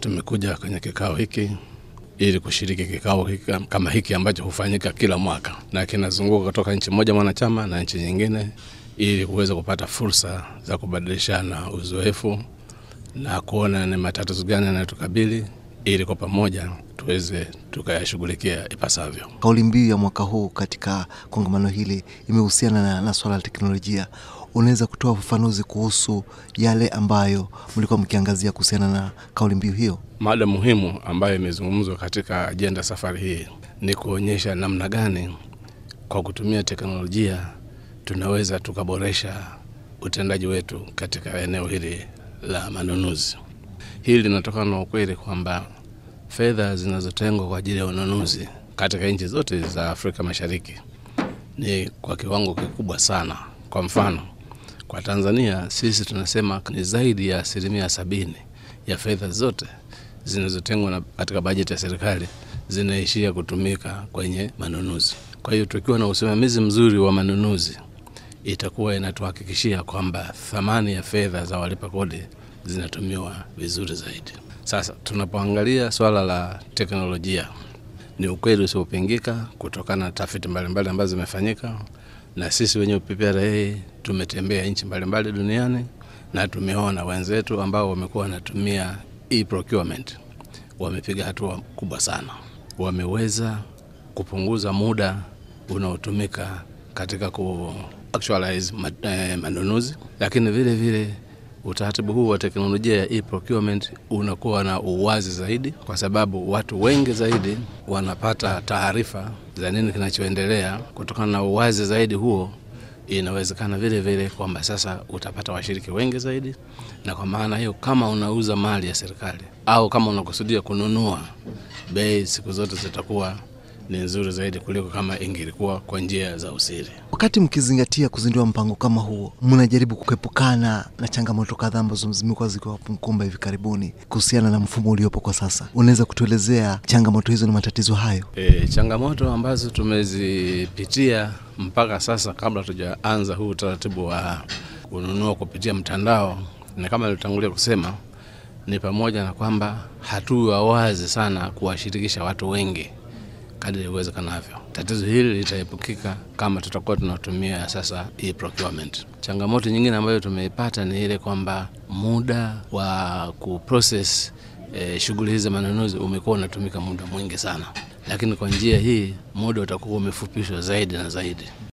Tumekuja kwenye kikao hiki ili kushiriki kikao hiki kama hiki ambacho hufanyika kila mwaka na kinazunguka kutoka nchi moja mwanachama na nchi nyingine, ili kuweza kupata fursa za kubadilishana uzoefu na kuona ni matatizo gani yanayotukabili ili kwa pamoja tuweze tukayashughulikia ipasavyo. Kauli mbiu ya mwaka huu katika kongamano hili imehusiana na, na swala la teknolojia. Unaweza kutoa ufafanuzi kuhusu yale ambayo mlikuwa mkiangazia kuhusiana na kauli mbiu hiyo? Mada muhimu ambayo imezungumzwa katika ajenda safari hii ni kuonyesha namna gani kwa kutumia teknolojia tunaweza tukaboresha utendaji wetu katika eneo hili la manunuzi. Hili linatokana na ukweli kwamba fedha zinazotengwa kwa ajili ya ununuzi katika nchi zote za Afrika Mashariki ni kwa kiwango kikubwa sana. Kwa mfano, kwa Tanzania sisi tunasema ni zaidi ya asilimia sabini ya fedha zote zinazotengwa katika bajeti ya serikali zinaishia kutumika kwenye manunuzi. Kwa hiyo tukiwa na usimamizi mzuri wa manunuzi, itakuwa inatuhakikishia kwamba thamani ya fedha za walipa kodi zinatumiwa vizuri zaidi. Sasa tunapoangalia swala la teknolojia, ni ukweli usiopingika kutokana na tafiti mbalimbali ambazo zimefanyika na sisi wenyewe PPRA tumetembea nchi mbalimbali duniani na tumeona wenzetu ambao wamekuwa wanatumia e-procurement wamepiga hatua kubwa sana. Wameweza kupunguza muda unaotumika katika ku actualize eh, manunuzi, lakini vile vile Utaratibu huu wa teknolojia ya e-procurement unakuwa na uwazi zaidi, kwa sababu watu wengi zaidi wanapata taarifa za nini kinachoendelea. Kutokana na uwazi zaidi huo, inawezekana vile vile kwamba sasa utapata washiriki wengi zaidi, na kwa maana hiyo, kama unauza mali ya serikali au kama unakusudia kununua, bei siku zote zitakuwa ni nzuri zaidi kuliko kama ingilikuwa kwa njia za usiri. Wakati mkizingatia kuzindua mpango kama huo, mnajaribu kuepukana na changamoto kadhaa ambazo zimekuwa zikiwakumba hivi karibuni kuhusiana na mfumo uliopo kwa sasa. Unaweza kutuelezea changamoto hizo na matatizo hayo? E, changamoto ambazo tumezipitia mpaka sasa kabla tujaanza huu utaratibu wa kununua kupitia mtandao, na kama nilivyotangulia kusema, ni pamoja na kwamba hatuwa wazi sana kuwashirikisha watu wengi kadri iwezekanavyo. Tatizo hili litaepukika kama tutakuwa tunatumia sasa hii procurement. Changamoto nyingine ambayo tumeipata ni ile kwamba muda wa kuproses eh, shughuli hizi za manunuzi umekuwa unatumika muda mwingi sana, lakini kwa njia hii muda utakuwa umefupishwa zaidi na zaidi.